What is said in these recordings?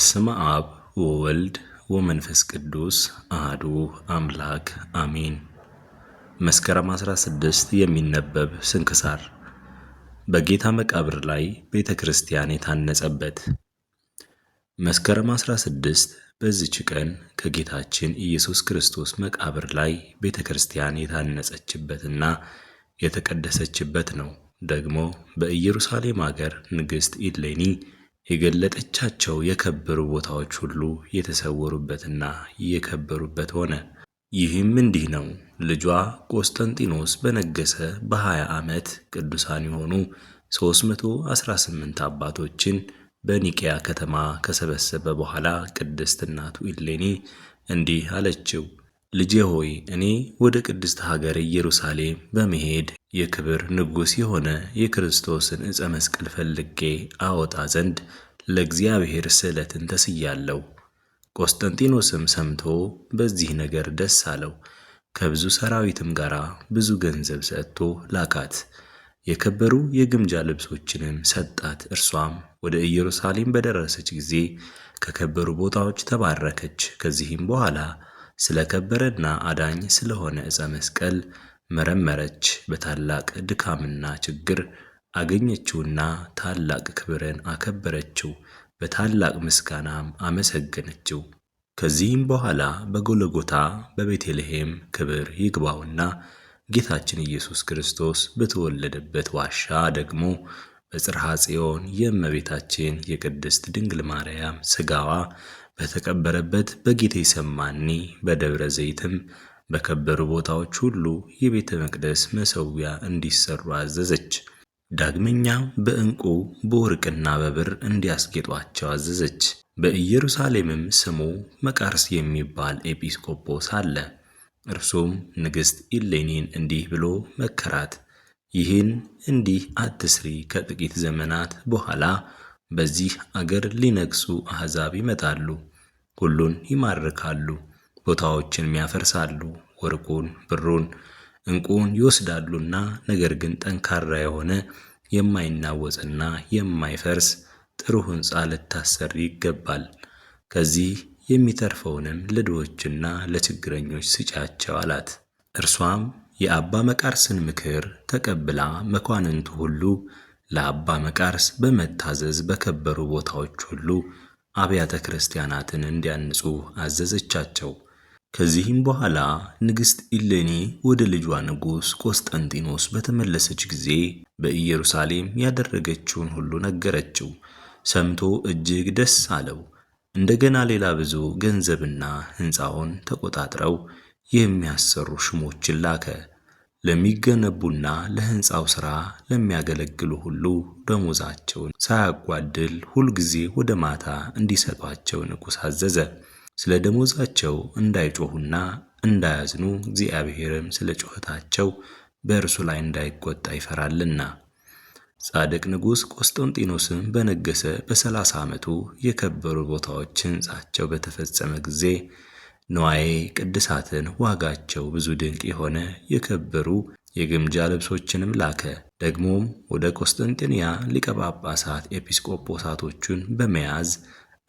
በስመ አብ ወወልድ ወመንፈስ ቅዱስ አህዱ አምላክ አሜን። መስከረም 16 የሚነበብ ስንክሳር በጌታ መቃብር ላይ ቤተ ክርስቲያን የታነጸበት መስከረም 16 በዚች ቀን ከጌታችን ኢየሱስ ክርስቶስ መቃብር ላይ ቤተ ክርስቲያን የታነጸችበትና የተቀደሰችበት ነው። ደግሞ በኢየሩሳሌም አገር ንግሥት ኢሌኒ የገለጠቻቸው የከበሩ ቦታዎች ሁሉ የተሰወሩበትና የከበሩበት ሆነ። ይህም እንዲህ ነው። ልጇ ቆስጠንጢኖስ በነገሰ በ20 ዓመት ቅዱሳን የሆኑ 318 አባቶችን በኒቅያ ከተማ ከሰበሰበ በኋላ ቅድስት እናቱ ኢሌኒ እንዲህ አለችው። ልጄ ሆይ እኔ ወደ ቅድስት ሀገር ኢየሩሳሌም በመሄድ የክብር ንጉሥ የሆነ የክርስቶስን ዕፀ መስቀል ፈልጌ አወጣ ዘንድ ለእግዚአብሔር ስዕለትን ተስያለሁ። ቆስጠንጢኖስም ሰምቶ በዚህ ነገር ደስ አለው። ከብዙ ሰራዊትም ጋር ብዙ ገንዘብ ሰጥቶ ላካት። የከበሩ የግምጃ ልብሶችንም ሰጣት። እርሷም ወደ ኢየሩሳሌም በደረሰች ጊዜ ከከበሩ ቦታዎች ተባረከች። ከዚህም በኋላ ስለ ከበረና አዳኝ ስለሆነ ዕፀ መስቀል መረመረች። በታላቅ ድካምና ችግር አገኘችውና ታላቅ ክብርን አከበረችው። በታላቅ ምስጋናም አመሰገነችው። ከዚህም በኋላ በጎለጎታ በቤተልሔም ክብር ይግባውና ጌታችን ኢየሱስ ክርስቶስ በተወለደበት ዋሻ ደግሞ በጽርሐ ጽዮን የእመቤታችን የቅድስት ድንግል ማርያም ሥጋዋ በተቀበረበት በጌቴ ሰማኒ በደብረ ዘይትም በከበሩ ቦታዎች ሁሉ የቤተ መቅደስ መሠዊያ እንዲሰሩ አዘዘች። ዳግመኛ በዕንቁ በወርቅና በብር እንዲያስጌጧቸው አዘዘች። በኢየሩሳሌምም ስሙ መቃርስ የሚባል ኤጲስቆጶስ አለ። እርሱም ንግሥት ኢሌኒን እንዲህ ብሎ መከራት፣ ይህን እንዲህ አትስሪ። ከጥቂት ዘመናት በኋላ በዚህ አገር ሊነግሱ አሕዛብ ይመጣሉ፣ ሁሉን ይማርካሉ፣ ቦታዎችን ያፈርሳሉ፣ ወርቁን ብሩን እንቁን ይወስዳሉና ነገር ግን ጠንካራ የሆነ የማይናወጽና የማይፈርስ ጥሩ ሕንፃ ልታሰሪ ይገባል። ከዚህ የሚተርፈውንም ለድሆችና ለችግረኞች ስጫቸው አላት። እርሷም የአባ መቃርስን ምክር ተቀብላ መኳንንቱ ሁሉ ለአባ መቃርስ በመታዘዝ በከበሩ ቦታዎች ሁሉ አብያተ ክርስቲያናትን እንዲያንጹ አዘዘቻቸው። ከዚህም በኋላ ንግሥት ኢሌኒ ወደ ልጇ ንጉሥ ቆስጠንጢኖስ በተመለሰች ጊዜ በኢየሩሳሌም ያደረገችውን ሁሉ ነገረችው። ሰምቶ እጅግ ደስ አለው። እንደገና ሌላ ብዙ ገንዘብና ሕንፃውን ተቆጣጥረው የሚያሰሩ ሹሞችን ላከ። ለሚገነቡና ለህንፃው ሥራ ለሚያገለግሉ ሁሉ ደሞዛቸውን ሳያጓድል ሁልጊዜ ወደ ማታ እንዲሰጧቸው ንጉሥ አዘዘ። ስለ ደሞዛቸው እንዳይጮኹና እንዳያዝኑ እግዚአብሔርም ስለ ጩኸታቸው በእርሱ ላይ እንዳይቆጣ ይፈራልና። ጻድቅ ንጉሥ ቆስጠንጢኖስም በነገሰ በሰላሳ ዓመቱ የከበሩ ቦታዎች ሕንጻቸው በተፈጸመ ጊዜ ንዋዬ ቅድሳትን ዋጋቸው ብዙ ድንቅ የሆነ የከበሩ የግምጃ ልብሶችንም ላከ። ደግሞም ወደ ቆስጠንጢንያ ሊቀ ጳጳሳት ኤጲስቆጶሳቶቹን በመያዝ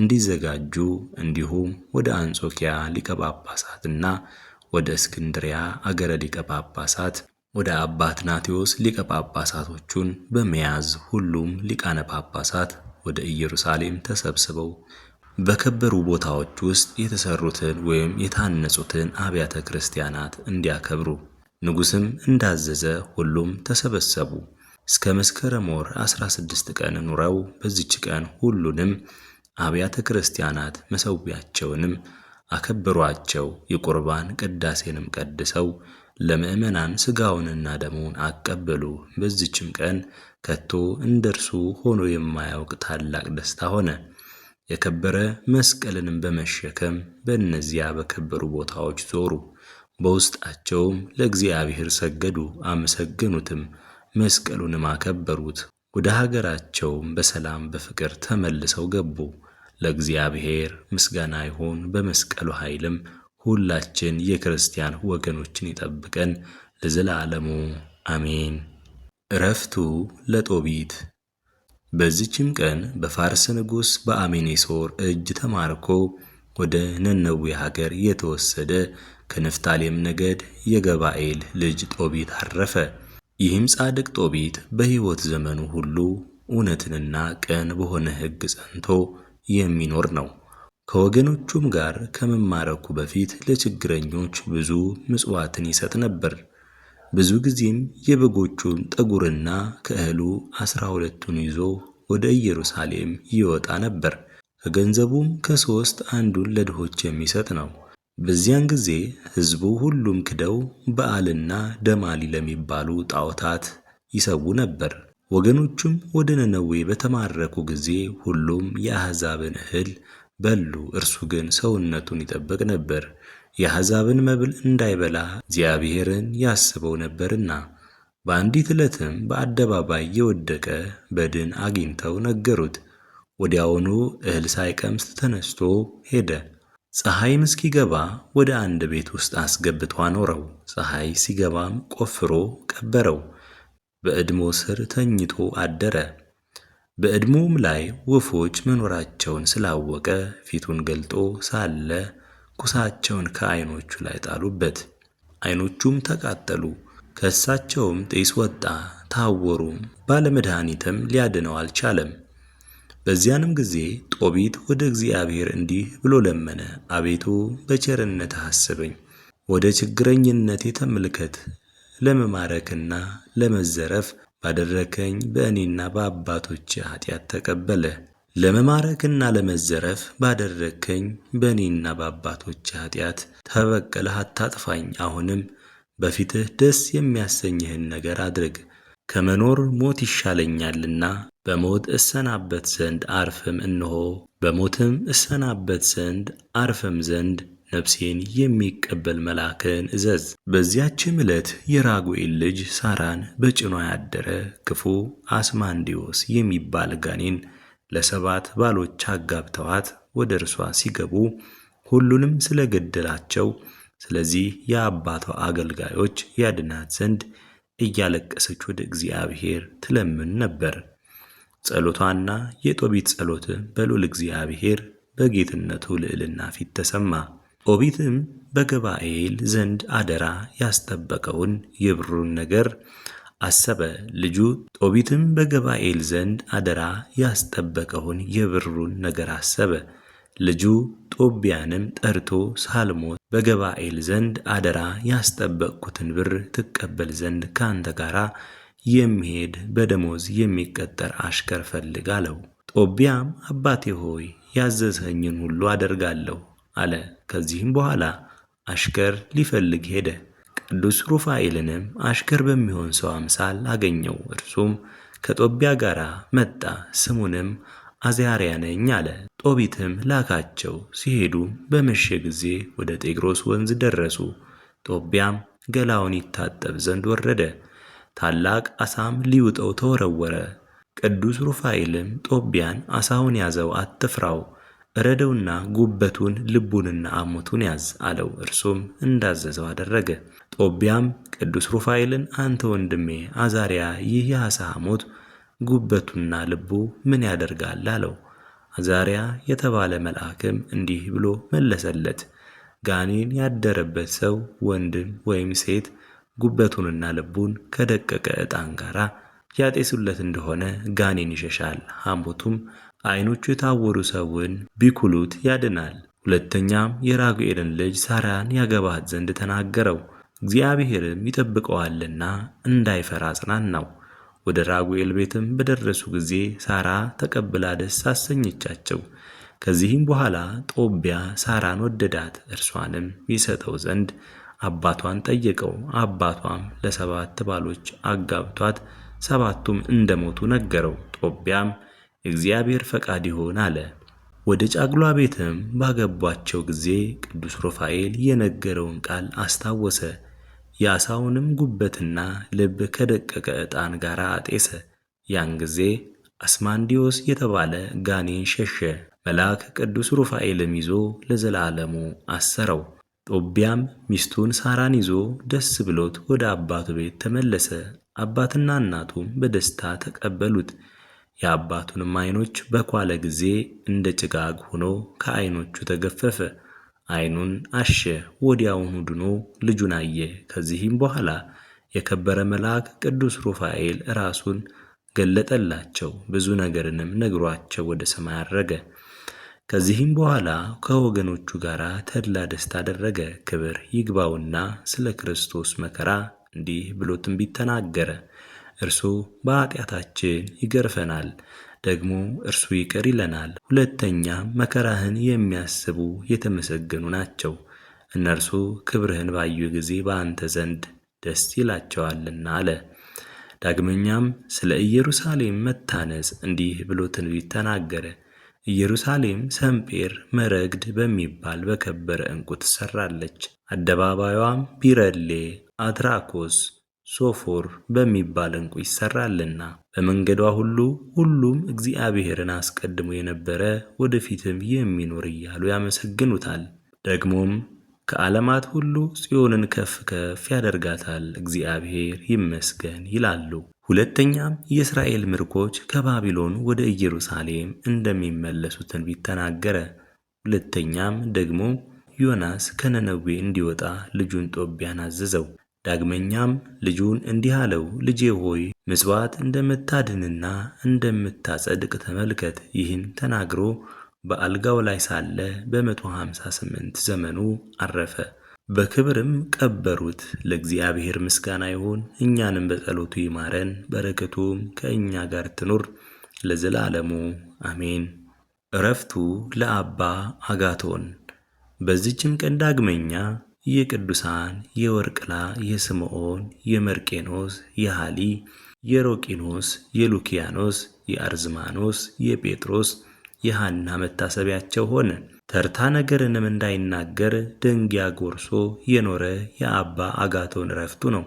እንዲዘጋጁ እንዲሁም ወደ አንጾኪያ ሊቀ ጳጳሳትና ወደ እስክንድሪያ አገረ ሊቀ ጳጳሳት ወደ አባ ትናቴዎስ ሊቀ ጳጳሳቶቹን በመያዝ ሁሉም ሊቃነ ጳጳሳት ወደ ኢየሩሳሌም ተሰብስበው በከበሩ ቦታዎች ውስጥ የተሰሩትን ወይም የታነጹትን አብያተ ክርስቲያናት እንዲያከብሩ ንጉሥም እንዳዘዘ ሁሉም ተሰበሰቡ። እስከ መስከረም ወር 16 ቀን ኑረው በዚች ቀን ሁሉንም አብያተ ክርስቲያናት መሠዊያቸውንም አከበሯቸው። የቁርባን ቅዳሴንም ቀድሰው ለምእመናን ሥጋውንና ደሙን አቀበሉ። በዚችም ቀን ከቶ እንደርሱ ሆኖ የማያውቅ ታላቅ ደስታ ሆነ። የከበረ መስቀልንም በመሸከም በእነዚያ በከበሩ ቦታዎች ዞሩ። በውስጣቸውም ለእግዚአብሔር ሰገዱ፣ አመሰገኑትም፣ መስቀሉንም አከበሩት። ወደ ሀገራቸውም በሰላም በፍቅር ተመልሰው ገቡ። ለእግዚአብሔር ምስጋና ይሁን። በመስቀሉ ኃይልም ሁላችን የክርስቲያን ወገኖችን ይጠብቀን ለዘላለሙ አሜን። እረፍቱ ለጦቢት በዚችም ቀን በፋርስ ንጉሥ በአሜኔሶር እጅ ተማርኮ ወደ ነነዌ ሀገር የተወሰደ ከንፍታሌም ነገድ የገባኤል ልጅ ጦቢት አረፈ። ይህም ጻድቅ ጦቢት በሕይወት ዘመኑ ሁሉ እውነትንና ቅን በሆነ ሕግ ጸንቶ የሚኖር ነው። ከወገኖቹም ጋር ከመማረኩ በፊት ለችግረኞች ብዙ ምጽዋትን ይሰጥ ነበር። ብዙ ጊዜም የበጎቹን ጠጉርና ከእህሉ አስራ ሁለቱን ይዞ ወደ ኢየሩሳሌም ይወጣ ነበር። ከገንዘቡም ከሦስት አንዱን ለድሆች የሚሰጥ ነው። በዚያን ጊዜ ሕዝቡ ሁሉም ክደው በዓልና ደማሊ ለሚባሉ ጣዖታት ይሰዉ ነበር። ወገኖቹም ወደ ነነዌ በተማረኩ ጊዜ ሁሉም የአሕዛብን እህል በሉ። እርሱ ግን ሰውነቱን ይጠብቅ ነበር። የአሕዛብን መብል እንዳይበላ እግዚአብሔርን ያስበው ነበርና። በአንዲት ዕለትም በአደባባይ የወደቀ በድን አግኝተው ነገሩት። ወዲያውኑ እህል ሳይቀምስ ተነስቶ ሄደ። ፀሐይም እስኪገባ ወደ አንድ ቤት ውስጥ አስገብቶ አኖረው። ፀሐይ ሲገባም ቆፍሮ ቀበረው። በዕድሞ ስር ተኝቶ አደረ። በዕድሞም ላይ ወፎች መኖራቸውን ስላወቀ ፊቱን ገልጦ ሳለ ኩሳቸውን ከዓይኖቹ ላይ ጣሉበት፣ ዓይኖቹም ተቃጠሉ። ከእሳቸውም ጢስ ወጣ፣ ታወሩም፣ ባለመድኃኒትም ሊያድነው አልቻለም። በዚያንም ጊዜ ጦቢት ወደ እግዚአብሔር እንዲህ ብሎ ለመነ፣ አቤቱ በቸርነት አስበኝ፣ ወደ ችግረኝነት ተመልከት፣ ለመማረክና ለመዘረፍ ባደረከኝ በእኔና በአባቶች ኃጢአት ተቀበለ። ለመማረክና ለመዘረፍ ባደረግከኝ በእኔና በአባቶች ኃጢአት ተበቀለህ አታጥፋኝ። አሁንም በፊትህ ደስ የሚያሰኝህን ነገር አድርግ። ከመኖር ሞት ይሻለኛልና በሞት እሰናበት ዘንድ አርፍም እንሆ በሞትም እሰናበት ዘንድ አርፍም ዘንድ ነፍሴን የሚቀበል መልአክን እዘዝ። በዚያችም ዕለት የራጉኤል ልጅ ሳራን በጭኗ ያደረ ክፉ አስማንዲዮስ የሚባል ጋኔን ለሰባት ባሎች አጋብተዋት ወደ እርሷ ሲገቡ ሁሉንም ስለገደላቸው ስለዚህ የአባቷ አገልጋዮች ያድናት ዘንድ እያለቀሰች ወደ እግዚአብሔር ትለምን ነበር። ጸሎቷና የጦቢት ጸሎት በሉል እግዚአብሔር በጌትነቱ ልዕልና ፊት ተሰማ። ጦቢትም በገባኤል ዘንድ አደራ ያስጠበቀውን የብሩን ነገር አሰበ። ልጁ ጦቢትም በገባኤል ዘንድ አደራ ያስጠበቀውን የብሩን ነገር አሰበ። ልጁ ጦቢያንም ጠርቶ ሳልሞት በገባኤል ዘንድ አደራ ያስጠበቅኩትን ብር ትቀበል ዘንድ ከአንተ ጋር የሚሄድ በደሞዝ የሚቀጠር አሽከር ፈልግ አለው። ጦቢያም አባቴ ሆይ ያዘዝኸኝን ሁሉ አደርጋለሁ አለ። ከዚህም በኋላ አሽከር ሊፈልግ ሄደ። ቅዱስ ሩፋኤልንም አሽከር በሚሆን ሰው አምሳል አገኘው። እርሱም ከጦቢያ ጋር መጣ፣ ስሙንም አዚያርያ ነኝ አለ። ጦቢትም ላካቸው። ሲሄዱ በመሸ ጊዜ ወደ ጤግሮስ ወንዝ ደረሱ። ጦቢያም ገላውን ይታጠብ ዘንድ ወረደ፣ ታላቅ አሳም ሊውጠው ተወረወረ። ቅዱስ ሩፋኤልም ጦቢያን አሳውን ያዘው፣ አትፍራው እረደውና ጉበቱን ልቡንና አሞቱን ያዝ አለው። እርሱም እንዳዘዘው አደረገ። ጦቢያም ቅዱስ ሩፋኤልን አንተ ወንድሜ አዛሪያ ይህ የአሳ ሐሞት ጉበቱና ልቡ ምን ያደርጋል አለው። አዛሪያ የተባለ መልአክም እንዲህ ብሎ መለሰለት። ጋኔን ያደረበት ሰው ወንድም ወይም ሴት ጉበቱንና ልቡን ከደቀቀ ዕጣን ጋር ያጤሱለት እንደሆነ ጋኔን ይሸሻል፣ ሐሞቱም ዓይኖቹ የታወሩ ሰውን ቢኩሉት ያድናል። ሁለተኛም የራጉኤልን ልጅ ሳራን ያገባት ዘንድ ተናገረው፣ እግዚአብሔርም ይጠብቀዋልና እንዳይፈራ አጽናናው። ወደ ራጉኤል ቤትም በደረሱ ጊዜ ሳራ ተቀብላ ደስ አሰኘቻቸው። ከዚህም በኋላ ጦቢያ ሳራን ወደዳት፣ እርሷንም ይሰጠው ዘንድ አባቷን ጠየቀው። አባቷም ለሰባት ባሎች አጋብቷት ሰባቱም እንደሞቱ ነገረው። ጦቢያም እግዚአብሔር ፈቃድ ይሆን አለ። ወደ ጫግሏ ቤትም ባገቧቸው ጊዜ ቅዱስ ሩፋኤል የነገረውን ቃል አስታወሰ። የአሳውንም ጉበትና ልብ ከደቀቀ ዕጣን ጋር አጤሰ። ያን ጊዜ አስማንዲዮስ የተባለ ጋኔን ሸሸ። መልአክ ቅዱስ ሩፋኤልም ይዞ ለዘላለሙ አሰረው። ጦቢያም ሚስቱን ሳራን ይዞ ደስ ብሎት ወደ አባቱ ቤት ተመለሰ። አባትና እናቱም በደስታ ተቀበሉት። የአባቱንም ዓይኖች በኳለ ጊዜ እንደ ጭጋግ ሆኖ ከዓይኖቹ ተገፈፈ። ዓይኑን አሸ፣ ወዲያውኑ ድኖ ልጁን አየ። ከዚህም በኋላ የከበረ መልአክ ቅዱስ ሩፋኤል ራሱን ገለጠላቸው፣ ብዙ ነገርንም ነግሯቸው ወደ ሰማይ አረገ። ከዚህም በኋላ ከወገኖቹ ጋር ተድላ ደስታ አደረገ። ክብር ይግባውና ስለ ክርስቶስ መከራ እንዲህ ብሎ ትንቢት ተናገረ። እርሱ በኃጢአታችን ይገርፈናል፣ ደግሞ እርሱ ይቅር ይለናል። ሁለተኛ መከራህን የሚያስቡ የተመሰገኑ ናቸው፣ እነርሱ ክብርህን ባዩ ጊዜ በአንተ ዘንድ ደስ ይላቸዋልና አለ። ዳግመኛም ስለ ኢየሩሳሌም መታነጽ እንዲህ ብሎ ትንቢት ተናገረ። ኢየሩሳሌም ሰምጴር መረግድ በሚባል በከበረ ዕንቁ ትሰራለች። አደባባዩም ቢረሌ፣ አትራኮስ፣ ሶፎር በሚባል እንቁ ይሰራልና በመንገዷ ሁሉ ሁሉም እግዚአብሔርን አስቀድሞ የነበረ ወደፊትም የሚኖር እያሉ ያመሰግኑታል። ደግሞም ከዓለማት ሁሉ ጽዮንን ከፍ ከፍ ያደርጋታል፣ እግዚአብሔር ይመስገን ይላሉ። ሁለተኛም የእስራኤል ምርኮች ከባቢሎን ወደ ኢየሩሳሌም እንደሚመለሱ ትንቢት ተናገረ። ሁለተኛም ደግሞ ዮናስ ከነነዌ እንዲወጣ ልጁን ጦቢያን አዘዘው። ዳግመኛም ልጁን እንዲህ አለው፣ ልጄ ሆይ ምጽዋት እንደምታድንና እንደምታጸድቅ ተመልከት። ይህን ተናግሮ በአልጋው ላይ ሳለ በመቶ ሃምሳ ስምንት ዘመኑ አረፈ። በክብርም ቀበሩት። ለእግዚአብሔር ምስጋና ይሁን፣ እኛንም በጸሎቱ ይማረን፣ በረከቱም ከእኛ ጋር ትኑር ለዘላለሙ አሜን። እረፍቱ ለአባ አጋቶን። በዚችም ቀን ዳግመኛ የቅዱሳን የወርቅላ የስምዖን የመርቄኖስ የሃሊ የሮቂኖስ የሉኪያኖስ የአርዝማኖስ የጴጥሮስ የሃና መታሰቢያቸው ሆነ። ተርታ ነገርንም እንዳይናገር ደንጊያ ጎርሶ የኖረ የአባ አጋቶን ረፍቱ ነው።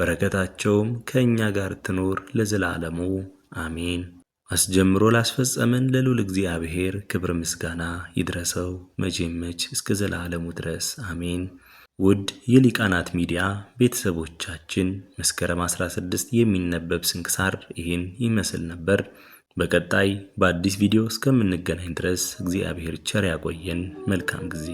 በረከታቸውም ከእኛ ጋር ትኑር ለዘላለሙ አሜን። አስጀምሮ ላስፈጸመን ለልዑል እግዚአብሔር ክብር ምስጋና ይድረሰው መቼም መች እስከ ዘላለሙ ድረስ አሜን። ውድ የሊቃናት ሚዲያ ቤተሰቦቻችን መስከረም 16 የሚነበብ ስንክሳር ይህን ይመስል ነበር። በቀጣይ በአዲስ ቪዲዮ እስከምንገናኝ ድረስ እግዚአብሔር ቸር ያቆየን። መልካም ጊዜ